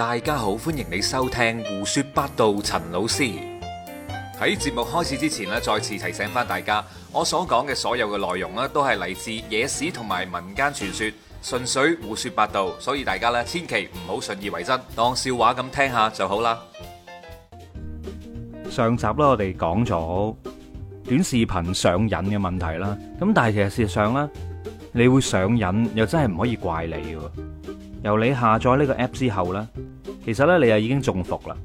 大家好，歡迎你收聽胡說八道。陳老師喺節目開始之前咧，再次提醒翻大家，我所講嘅所有嘅內容咧，都係嚟自野史同埋民間傳說，純粹胡說八道，所以大家咧千祈唔好信以為真，當笑話咁聽下就好啦。上集啦，我哋講咗短視頻上癮嘅問題啦，咁但係其實事實上咧，你會上癮又真係唔可以怪你嘅，由你下載呢個 app 之後咧。其實咧，你又已經中伏啦。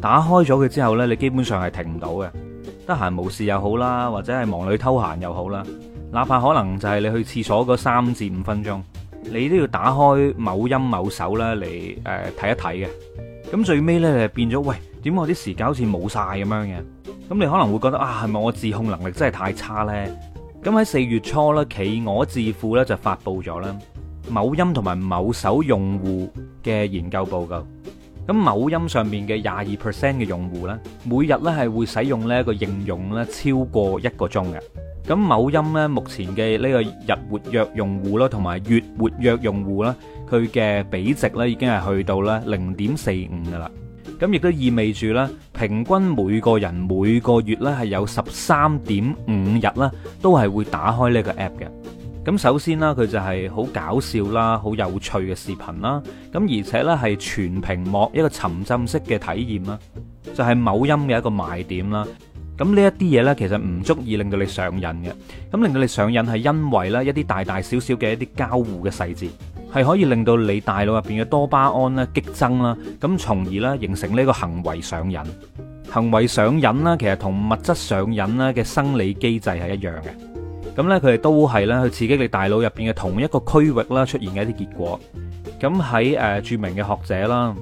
打開咗佢之後咧，你基本上係停唔到嘅。得閒無事又好啦，或者係忙裏偷閒又好啦，哪怕可能就係你去廁所嗰三至五分鐘，你都要打開某音某手啦，嚟、誒睇一睇嘅。咁最尾呢，你變咗喂，點解我啲時間好似冇晒咁樣嘅？咁你可能會覺得啊，係咪我自控能力真係太差呢？咁喺四月初咧，企鵝智庫呢就發佈咗啦，某音同埋某手用戶嘅研究報告。咁某音上面嘅廿二 percent 嘅用戶咧，每日咧係會使用呢一個應用咧超過一個鐘嘅。咁某音咧目前嘅呢個日活躍用戶咯，同埋月活躍用戶啦，佢嘅比值咧已經係去到咧0.45噶啦。咁亦都意味住咧，平均每個人每個月咧係有13.5日咧都係會打開呢個 app 嘅。咁首先啦，佢就係好搞笑啦，好有趣嘅視頻啦。咁而且呢，係全屏幕一個沉浸式嘅體驗啦，就係某音嘅一個賣點啦。咁呢一啲嘢呢，其實唔足以令到你上癮嘅。咁令到你上癮係因為呢一啲大大小小嘅一啲交互嘅細節，係可以令到你大腦入邊嘅多巴胺呢激增啦。咁從而呢形成呢個行為上癮。行為上癮啦，其實同物質上癮啦嘅生理機制係一樣嘅。咁呢，佢哋都係呢去刺激你大腦入邊嘅同一個區域啦，出現嘅一啲結果。咁喺誒著名嘅學者啦，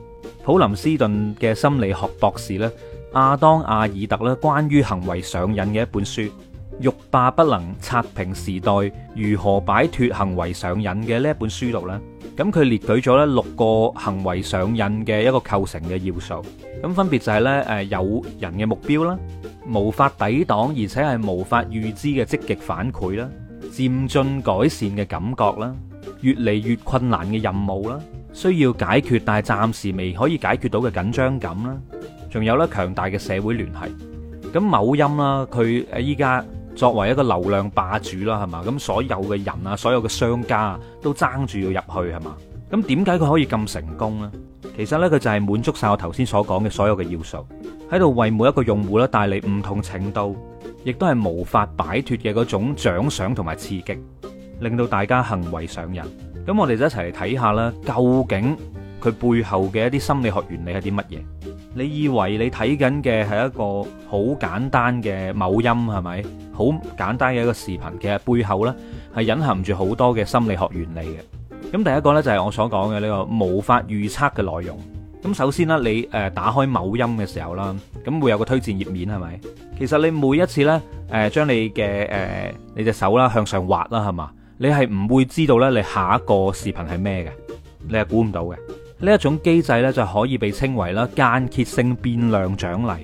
普林斯頓嘅心理學博士咧，亞當阿爾特啦，關於行為上癮嘅一本書《欲罷不能刷屏時代：如何擺脫行為上癮》嘅呢一本書度呢，咁佢列舉咗咧六個行為上癮嘅一個構成嘅要素，咁分別就係咧誒有人嘅目標啦，無法抵擋而且係無法預知嘅積極反饋啦，漸進改善嘅感覺啦，越嚟越困難嘅任務啦，需要解決但係暫時未可以解決到嘅緊張感啦，仲有咧強大嘅社會聯繫。咁某音啦，佢依家。作為一個流量霸主啦，係嘛？咁所有嘅人啊，所有嘅商家啊，都爭住要入去，係嘛？咁點解佢可以咁成功呢？其實呢，佢就係滿足晒我頭先所講嘅所有嘅要素，喺度為每一個用戶咧帶嚟唔同程度，亦都係無法擺脫嘅嗰種獎賞同埋刺激，令到大家行為上癮。咁我哋就一齊嚟睇下啦，究竟。佢背後嘅一啲心理學原理係啲乜嘢？你以為你睇緊嘅係一個好簡單嘅某音係咪？好簡單嘅一個視頻，其實背後呢係隱含住好多嘅心理學原理嘅。咁第一個呢，就係、是、我所講嘅呢個無法預測嘅內容。咁首先啦，你誒打開某音嘅時候啦，咁會有個推薦頁面係咪？其實你每一次呢，誒、呃、將你嘅誒、呃、你隻手啦向上滑啦係嘛，你係唔會知道呢，你下一個視頻係咩嘅，你係估唔到嘅。呢一種機制咧就可以被稱為啦間歇性變量獎勵，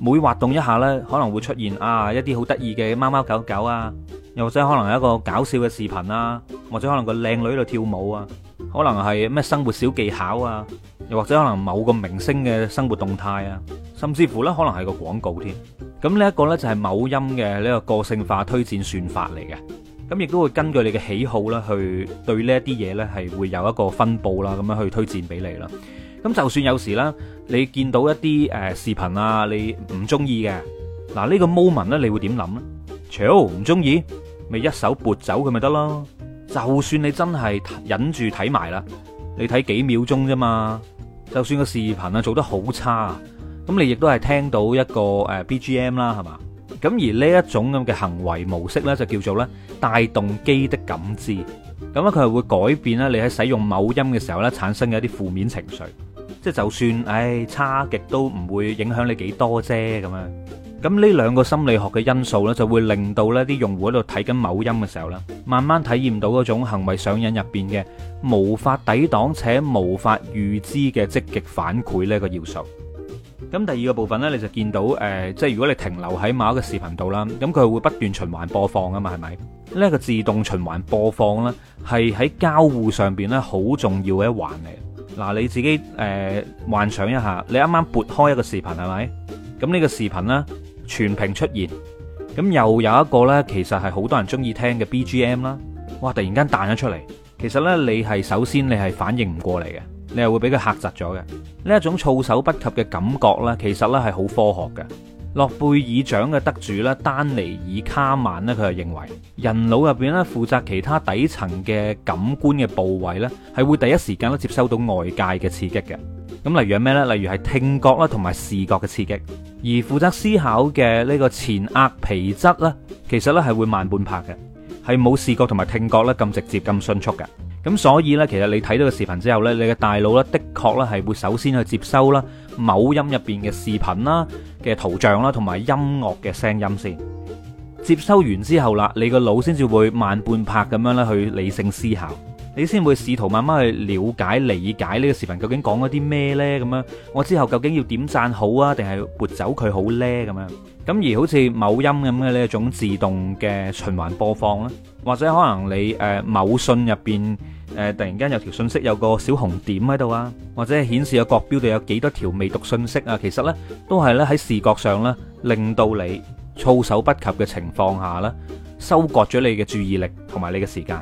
每滑動一下咧可能會出現啊一啲好得意嘅貓貓狗狗啊，又或者可能係一個搞笑嘅視頻啊，或者可能個靚女喺度跳舞啊，可能係咩生活小技巧啊，又或者可能某個明星嘅生活動態啊，甚至乎咧可能係個廣告添。咁呢一個呢，個就係某音嘅呢個個性化推薦算法嚟嘅。咁亦都會根據你嘅喜好咧，去對呢一啲嘢呢係會有一個分佈啦，咁樣去推薦俾你啦。咁就算有時咧，你見到一啲誒、呃、視頻啊，你唔中意嘅，嗱、這、呢個 moment 呢、啊，你會點諗咧？炒唔中意，咪一手撥走佢咪得咯。就算你真係忍住睇埋啦，你睇幾秒鐘啫嘛。就算個視頻啊做得好差，咁你亦都係聽到一個誒、呃、BGM 啦，係嘛？咁而呢一種咁嘅行為模式咧，就叫做咧帶動機的感知。咁咧佢係會改變咧你喺使用某音嘅時候咧產生嘅一啲負面情緒。即係就算唉差極都唔會影響你幾多啫咁樣。咁呢兩個心理學嘅因素咧，就會令到咧啲用戶喺度睇緊某音嘅時候啦，慢慢體驗到嗰種行為上癮入邊嘅無法抵擋且無法預知嘅積極反饋呢一個要素。咁第二個部分呢，你就見到誒、呃，即係如果你停留喺某一個視頻度啦，咁佢會不斷循環播放㗎嘛，係咪？呢、這、一個自動循環播放呢，係喺交互上邊呢，好重要嘅一環嚟。嗱，你自己誒、呃、幻想一下，你啱啱撥開一個視頻係咪？咁呢個視頻咧全屏出現，咁又有一個呢，其實係好多人中意聽嘅 BGM 啦，哇！突然間彈咗出嚟，其實呢，你係首先你係反應唔過嚟嘅。你係會俾佢嚇窒咗嘅。呢一種措手不及嘅感覺呢，其實咧係好科學嘅。諾貝爾獎嘅得主咧丹尼爾卡曼咧，佢就認為人腦入邊咧負責其他底層嘅感官嘅部位咧，係會第一時間咧接收到外界嘅刺激嘅。咁例如係咩咧？例如係聽覺啦同埋視覺嘅刺激，而負責思考嘅呢個前額皮質咧，其實咧係會慢半拍嘅，係冇視覺同埋聽覺咧咁直接咁迅速嘅。咁所以呢，其實你睇到個視頻之後呢，你嘅大腦呢，的確呢，係會首先去接收啦，某音入邊嘅視頻啦嘅圖像啦，同埋音樂嘅聲音先。接收完之後啦，你個腦先至會慢半拍咁樣呢去理性思考。你先會試圖慢慢去了解、理解呢個視頻究竟講咗啲咩咧？咁樣我之後究竟要點讚好啊，定係撥走佢好咧？咁樣咁而好似某音咁嘅呢一種自動嘅循環播放咧，或者可能你誒某信入邊誒突然間有條信息有個小紅點喺度啊，或者係顯示個角標度有幾多條未讀信息啊，其實咧都係咧喺視覺上咧令到你措手不及嘅情況下咧，收割咗你嘅注意力同埋你嘅時間。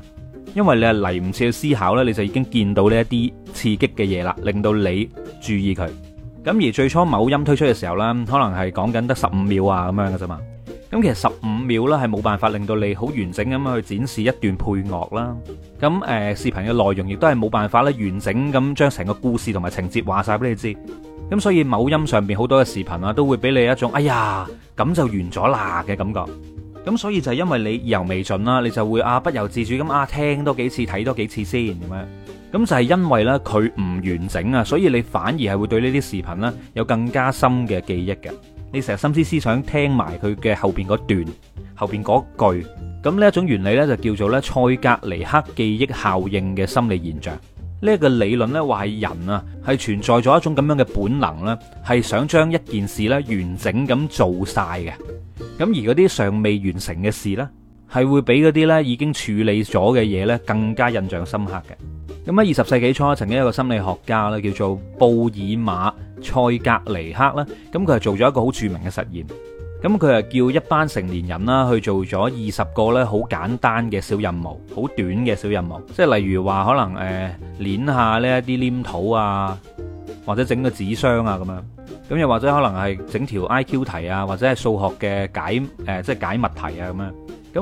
因為你係嚟唔切去思考咧，你就已經見到呢一啲刺激嘅嘢啦，令到你注意佢。咁而最初某音推出嘅時候咧，可能係講緊得十五秒啊咁樣嘅啫嘛。咁其實十五秒咧係冇辦法令到你好完整咁樣去展示一段配樂啦。咁誒視頻嘅內容亦都係冇辦法咧完整咁將成個故事同埋情節話晒俾你知。咁所以某音上邊好多嘅視頻啊，都會俾你一種哎呀咁就完咗啦嘅感覺。咁所以就係因為你意猶未盡啦，你就會啊不由自主咁啊聽多幾次、睇多幾次先咁樣。咁就係因為呢佢唔完整啊，所以你反而係會對呢啲視頻呢有更加深嘅記憶嘅。你成日心思思想聽埋佢嘅後邊嗰段、後邊嗰句。咁呢一種原理呢就叫做呢塞格尼克記憶效應嘅心理現象。呢一個理論呢話係人啊係存在咗一種咁樣嘅本能咧，係想將一件事呢完整咁做曬嘅。咁而嗰啲尚未完成嘅事呢，係會俾嗰啲呢已經處理咗嘅嘢呢更加印象深刻嘅。咁喺二十世紀初，曾經有個心理學家咧叫做布爾馬塞格尼克啦，咁佢係做咗一個好著名嘅實驗。咁佢係叫一班成年人啦去做咗二十個呢好簡單嘅小任務，好短嘅小任務，即係例如話可能誒、呃，捻下呢啲黏土啊，或者整個紙箱啊咁樣。咁又或者可能係整條 I.Q 題啊，或者係數學嘅解誒、呃、即係解密題啊咁樣，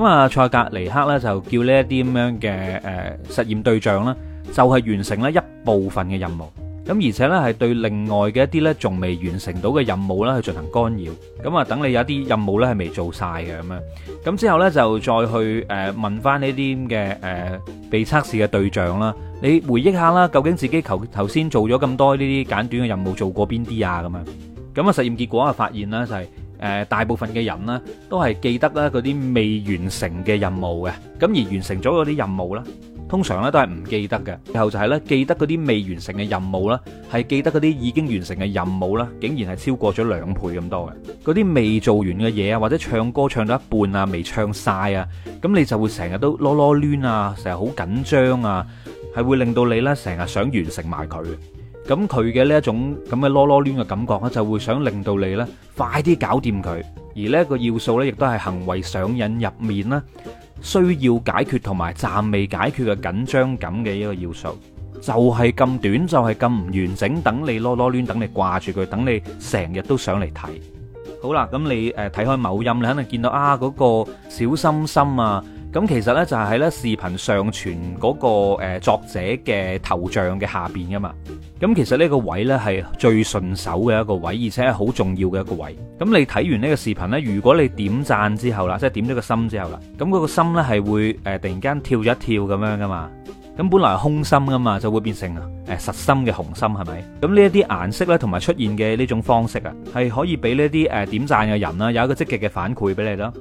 咁啊，塞格尼克咧就叫呢一啲咁樣嘅誒、呃、實驗對象啦，就係、是、完成咧一部分嘅任務。咁而且咧，係對另外嘅一啲咧，仲未完成到嘅任務咧，去進行干擾。咁啊，等你有一啲任務咧，係未做晒嘅咁樣。咁之後咧，就再去誒問翻呢啲嘅誒被測試嘅對象啦。你回憶下啦，究竟自己頭頭先做咗咁多呢啲簡短嘅任務做過邊啲啊？咁樣。咁啊，實驗結果啊，發現咧就係誒大部分嘅人咧，都係記得啦嗰啲未完成嘅任務嘅。咁而完成咗嗰啲任務呢。通常咧都係唔記得嘅，然後就係咧記得嗰啲未完成嘅任務啦，係記得嗰啲已經完成嘅任務啦，竟然係超過咗兩倍咁多嘅嗰啲未做完嘅嘢啊，或者唱歌唱到一半啊，未唱晒啊，咁你就會成日都囉囉攣啊，成日好緊張啊，係會令到你咧成日想完成埋佢，咁佢嘅呢一種咁嘅囉囉攣嘅感覺咧，就會想令到你咧快啲搞掂佢，而呢一個要素咧，亦都係行為上癮入面啦。需要解決同埋暫未解決嘅緊張感嘅一個要素，就係咁短，就係咁唔完整，等你囉囉攣，等你掛住佢，等你成日都想嚟睇。好啦，咁你誒睇開某音，你肯定見到啊嗰個小心心啊，咁其實呢就係喺呢視頻上傳嗰個誒作者嘅頭像嘅下邊噶嘛。咁其實呢個位呢係最順手嘅一個位，而且係好重要嘅一個位。咁你睇完呢個視頻呢，如果你點讚之後啦，即係點咗個心之後啦，咁、那、嗰個心呢係會誒、呃、突然間跳一跳咁樣㗎嘛。咁本來係空心啊嘛，就會變成啊誒實心嘅紅心係咪？咁呢一啲顏色咧，同埋出現嘅呢種方式啊，係可以俾呢啲誒點贊嘅人啦，有一個積極嘅反饋俾你啦，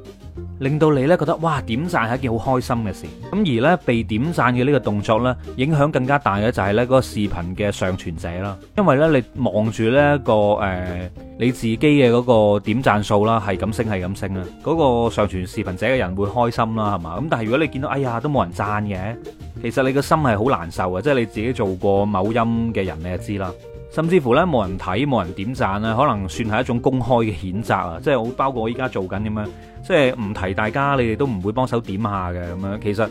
令到你呢覺得，哇，點贊係一件好開心嘅事。咁而呢，被點贊嘅呢個動作呢，影響更加大嘅就係呢嗰個視頻嘅上傳者啦，因為呢，你望住呢個誒。呃你自己嘅嗰個點贊數啦，係咁升，係咁升啦。嗰個上傳視頻者嘅人會開心啦，係嘛？咁但係如果你見到，哎呀，都冇人贊嘅，其實你個心係好難受呀，即係你自己做過某音嘅人你就知啦。甚至乎呢，冇人睇，冇人點贊呀，可能算係一種公開嘅譴責啊！即係我包括我依家做緊咁樣，即係唔提大家，你哋都唔會幫手點下嘅咁樣。其實。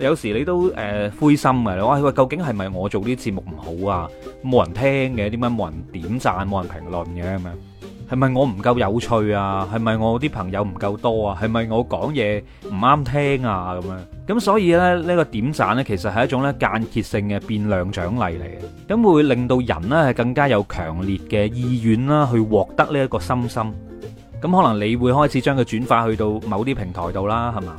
有時你都誒灰心嘅，你話喂究竟係咪我做啲節目唔好啊？冇人聽嘅，點解冇人點讚、冇人評論嘅咁樣？係咪我唔夠有趣啊？係咪我啲朋友唔夠多啊？係咪我講嘢唔啱聽啊？咁樣，咁，所以呢，呢個點讚呢，其實係一種呢間歇性嘅變量獎勵嚟嘅，咁會令到人呢係更加有強烈嘅意願啦去獲得呢一個心心，咁可能你會開始將佢轉化去到某啲平台度啦，係嘛？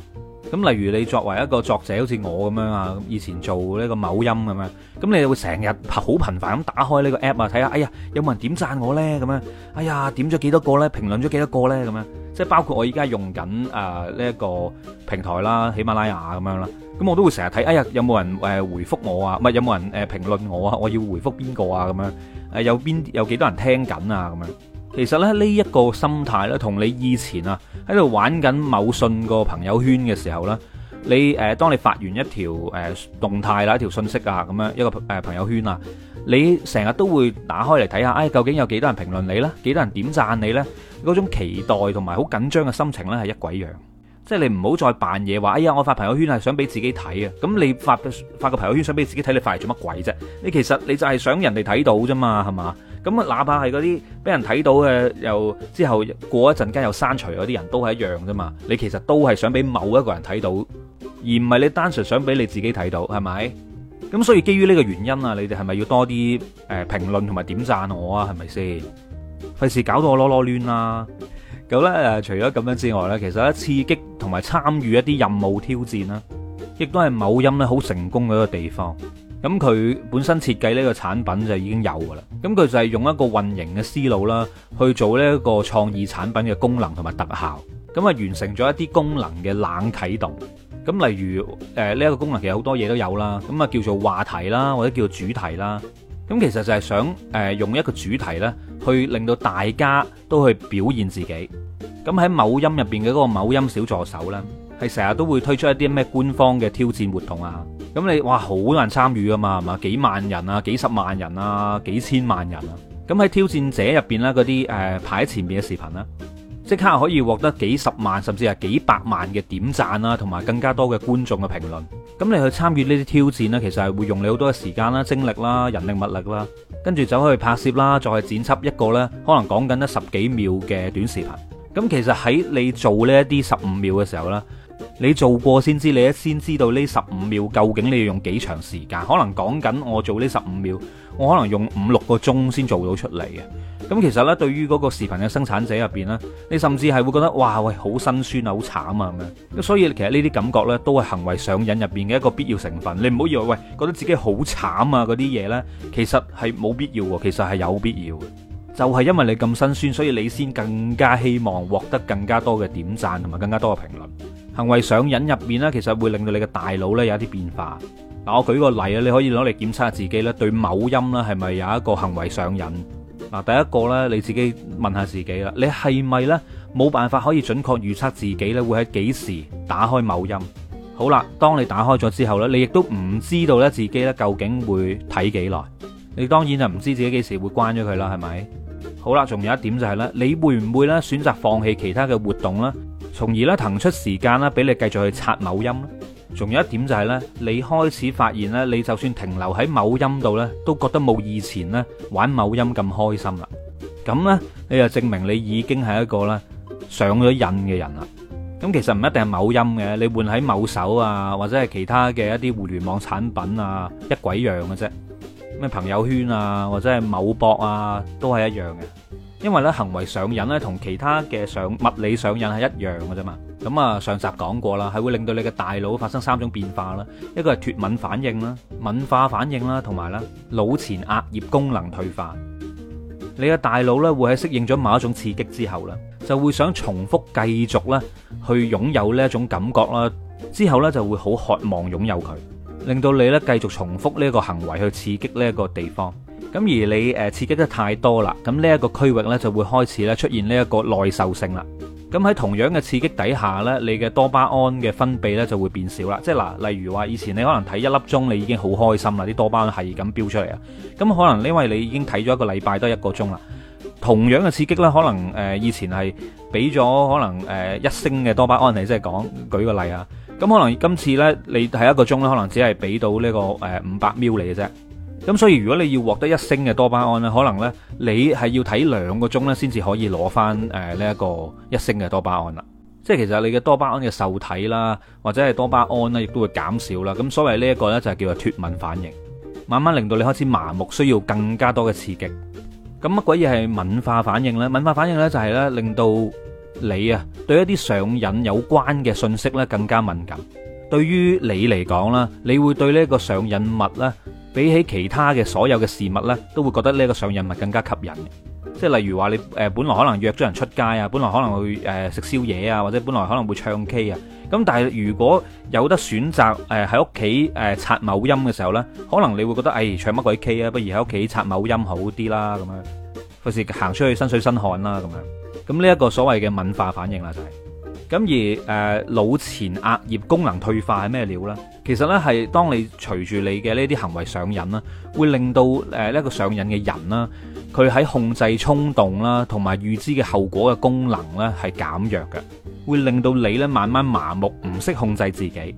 咁例如你作為一個作者，好似我咁樣啊，以前做呢個某音咁樣，咁你就會成日好頻繁咁打開呢個 app 啊，睇下，哎呀，有冇人點讚我呢？咁樣，哎呀，點咗幾多個呢？評論咗幾多個呢？咁樣，即係包括我而家用緊誒呢一個平台啦，喜馬拉雅咁樣啦，咁我都會成日睇，哎呀，有冇人誒回覆我啊？唔係，有冇人誒評論我啊？我要回覆邊個啊？咁樣，誒、呃、有邊有幾多人聽緊啊？咁樣。其實咧，呢、這、一個心態咧，同你以前啊喺度玩緊某信個朋友圈嘅時候咧，你誒、呃、當你發完一條誒、呃、動態啦，一條信息啊，咁樣一個誒、呃、朋友圈啊，你成日都會打開嚟睇下，唉、哎，究竟有幾多人評論你呢？幾多人點贊你呢？」嗰種期待同埋好緊張嘅心情咧，係一鬼樣。即係你唔好再扮嘢話，哎呀，我發朋友圈係想俾自己睇啊！咁你發個發個朋友圈想俾自己睇，你發嚟做乜鬼啫？你其實你就係想人哋睇到啫嘛，係嘛？咁啊，哪怕係嗰啲俾人睇到嘅，又之後過一陣間又刪除嗰啲人都係一樣啫嘛。你其實都係想俾某一個人睇到，而唔係你單純想俾你自己睇到，係咪？咁所以基於呢個原因啊，你哋係咪要多啲誒評論同埋點贊我啊？係咪先？費事搞到我囉囉攣啦！咁咧誒，除咗咁樣之外咧，其實咧，刺激同埋參與一啲任務挑戰啦，亦都係某音咧好成功嘅一個地方。咁佢本身設計呢個產品就已經有噶啦。咁佢就係用一個運營嘅思路啦，去做呢一個創意產品嘅功能同埋特效。咁啊，完成咗一啲功能嘅冷啟動。咁例如誒，呢個功能其實好多嘢都有啦。咁啊，叫做話題啦，或者叫做主題啦。咁其實就係想誒、呃、用一個主題咧，去令到大家都去表現自己。咁喺某音入邊嘅嗰個某音小助手呢，係成日都會推出一啲咩官方嘅挑戰活動啊。咁你哇好難參與㗎嘛，係嘛？幾萬人啊，幾十萬人啊，幾千萬人啊。咁喺挑戰者入邊呢，嗰啲誒排喺前面嘅視頻咧。即刻可以獲得幾十萬甚至係幾百萬嘅點贊啦，同埋更加多嘅觀眾嘅評論。咁你去參與呢啲挑戰呢，其實係會用你好多嘅時間啦、精力啦、人力物力啦，跟住走去拍攝啦，再去剪輯一個咧，可能講緊得十幾秒嘅短視頻。咁其實喺你做呢一啲十五秒嘅時候咧，你做過先知，你先知道呢十五秒究竟你要用幾長時間？可能講緊我做呢十五秒，我可能用五六個鐘先做到出嚟嘅。咁其實咧，對於嗰個視頻嘅生產者入邊呢，你甚至係會覺得哇喂，好辛酸啊，好慘啊咁樣。咁所以其實呢啲感覺呢，都係行為上癮入邊嘅一個必要成分。你唔好以為喂覺得自己好慘啊嗰啲嘢呢，其實係冇必要喎。其實係有必要嘅，就係因為你咁辛酸，所以你先更加希望獲得更加多嘅點贊，同埋更加多嘅評論。行為上癮入邊呢，其實會令到你嘅大腦呢有一啲變化。嗱，我舉個例啊，你可以攞嚟檢測下自己呢對某音啦係咪有一個行為上癮？嗱，第一個咧，你自己問下自己啦，你係咪呢？冇辦法可以準確預測自己咧會喺幾時打開某音？好啦，當你打開咗之後呢，你亦都唔知道呢自己咧究竟會睇幾耐？你當然就唔知自己幾時會關咗佢啦，係咪？好啦，仲有一點就係呢：你會唔會呢？選擇放棄其他嘅活動啦，從而呢，騰出時間呢，俾你繼續去刷某音？仲有一點就係呢：你開始發現呢，你就算停留喺某音度呢，都覺得冇以前呢玩某音咁開心啦。咁呢，你就證明你已經係一個呢上咗癮嘅人啦。咁其實唔一定係某音嘅，你換喺某手啊，或者係其他嘅一啲互聯網產品啊，一鬼樣嘅啫。咩朋友圈啊，或者係某博啊，都係一樣嘅。因為咧行為上癮咧同其他嘅上物理上癮係一樣嘅啫嘛，咁啊上集講過啦，係會令到你嘅大腦發生三種變化啦，一個係脱敏反應啦、敏化反應啦，同埋啦腦前額葉功能退化。你嘅大腦咧會喺適應咗某一種刺激之後啦，就會想重複繼續咧去擁有呢一種感覺啦，之後咧就會好渴望擁有佢，令到你咧繼續重複呢一個行為去刺激呢一個地方。咁而你誒刺激得太多啦，咁呢一個區域呢就會開始咧出現呢一個耐受性啦。咁喺同樣嘅刺激底下呢，你嘅多巴胺嘅分泌呢就會變少啦。即係嗱，例如話以前你可能睇一粒鐘，你已經好開心啦，啲多巴胺係咁飆出嚟啊。咁可能因為你已經睇咗一個禮拜都一個鐘啦，同樣嘅刺激呢，可能誒以前係俾咗可能誒一升嘅多巴胺你，即係講，舉個例啊。咁可能今次呢，你睇一個鐘咧，可能只係俾到呢個誒五百 ml 嚟嘅啫。咁所以如果你要獲得一升嘅多巴胺咧，可能呢，你係要睇兩個鐘呢先至可以攞翻誒呢一個一升嘅多巴胺啦。即係其實你嘅多巴胺嘅受體啦，或者係多巴胺咧，亦都會減少啦。咁所謂呢一個呢，就係叫做脫敏反應，慢慢令到你開始麻木，需要更加多嘅刺激。咁乜鬼嘢係敏化反應呢？敏化反應呢，就係呢令到你啊對一啲上癮有關嘅信息呢更加敏感。對於你嚟講啦，你會對呢一個上癮物咧，比起其他嘅所有嘅事物咧，都會覺得呢一個上癮物更加吸引。即係例如話你誒本來可能約咗人出街啊，本來可能會誒食宵夜啊，或者本來可能會唱 K 啊。咁但係如果有得選擇誒喺屋企誒刷某音嘅時候呢，可能你會覺得誒、哎、唱乜鬼 K 啊，不如喺屋企刷某音好啲啦咁樣，費事行出去身水身汗啦咁樣。咁呢一個所謂嘅文化反應啦就係、是。咁而誒腦、呃、前額葉功能退化係咩料呢？其實呢，係當你隨住你嘅呢啲行為上癮啦，會令到誒呢、呃這個上癮嘅人啦，佢喺控制衝動啦同埋預知嘅後果嘅功能呢係減弱嘅，會令到你呢慢慢麻木，唔識控制自己。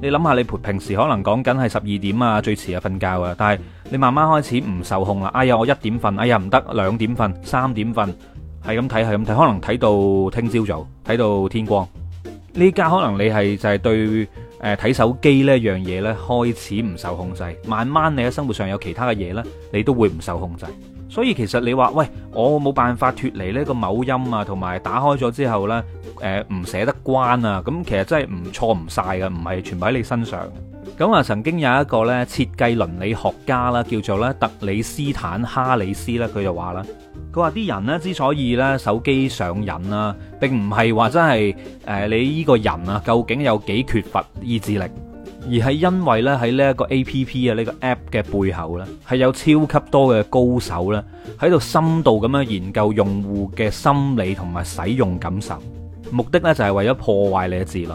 你諗下，你平時可能講緊係十二點啊，最遲啊瞓覺啊，但係你慢慢開始唔受控啦。哎呀，我一點瞓，哎呀唔得，兩點瞓，三點瞓。係咁睇，係咁睇，可能睇到聽朝早，睇到天光。呢家可能你係就係對誒睇手機呢一樣嘢呢開始唔受控制，慢慢你喺生活上有其他嘅嘢呢，你都會唔受控制。所以其實你話喂，我冇辦法脱離呢個某音啊，同埋打開咗之後呢，誒唔捨得關啊，咁其實真係唔錯唔晒噶，唔係全部喺你身上。咁啊，曾經有一個咧設計倫理學家啦，叫做咧特里斯坦哈里斯咧，佢就話啦，佢話啲人咧之所以咧手機上癮啊，並唔係話真係誒、呃、你呢個人啊究竟有幾缺乏意志力，而係因為咧喺呢一個 A P P 啊呢個 App 嘅背後咧係有超級多嘅高手咧喺度深度咁樣研究用戶嘅心理同埋使用感受，目的呢，就係為咗破壞你嘅自律。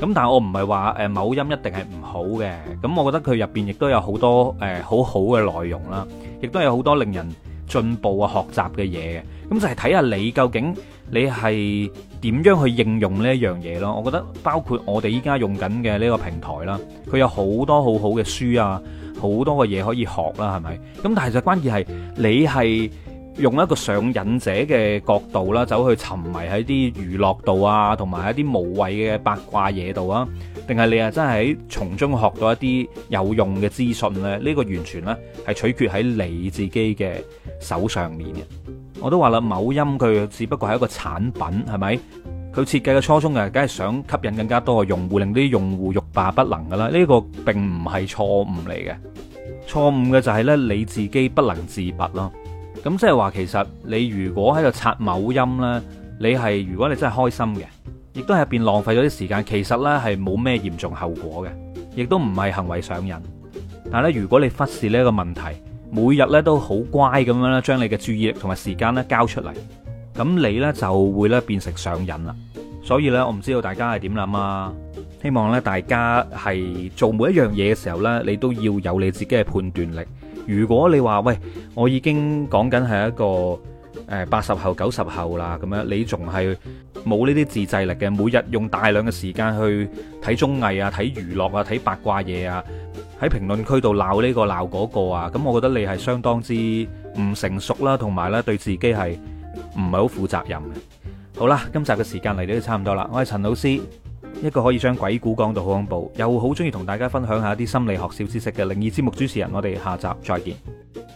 咁但係我唔係話誒，某音一定係唔好嘅。咁我覺得佢入邊亦都有好多，呃，好多誒好好嘅內容啦，亦都有好多令人進步啊、學習嘅嘢嘅。咁就係睇下你究竟你係點樣去應用呢一樣嘢咯。我覺得包括我哋依家用緊嘅呢個平台啦，佢有好多好好嘅書啊，好多嘅嘢可以學啦，係咪？咁但係就關鍵係你係。用一個上癮者嘅角度啦，走去沉迷喺啲娛樂度啊，同埋一啲無謂嘅八卦嘢度啊，定係你啊真係喺從中學到一啲有用嘅資訊咧？呢個完全呢，係取決喺你自己嘅手上面嘅。我都話啦，某音佢只不過係一個產品，係咪？佢設計嘅初衷梗係想吸引更加多嘅用戶，令啲用戶欲罷不能噶啦。呢個並唔係錯誤嚟嘅，錯誤嘅就係呢：你自己不能自拔咯。咁即係話，其實你如果喺度刷某音呢，你係如果你真係開心嘅，亦都喺入邊浪費咗啲時間，其實呢，係冇咩嚴重後果嘅，亦都唔係行為上癮。但係咧，如果你忽視呢個問題，每日呢都好乖咁樣咧，將你嘅注意力同埋時間咧交出嚟，咁你呢就會咧變成上癮啦。所以呢，我唔知道大家係點諗啊。希望呢，大家係做每一樣嘢嘅時候呢，你都要有你自己嘅判斷力。如果你話喂，我已經講緊係一個誒八十後九十後啦，咁樣你仲係冇呢啲自制力嘅，每日用大量嘅時間去睇綜藝啊、睇娛樂啊、睇八卦嘢啊，喺評論區度鬧呢個鬧嗰個啊，咁我覺得你係相當之唔成熟啦，同埋咧對自己係唔係好負責任嘅。好啦，今集嘅時間嚟到都差唔多啦，我係陳老師。一個可以將鬼故講到好恐怖，又好中意同大家分享下啲心理學小知識嘅靈異節目主持人，我哋下集再見。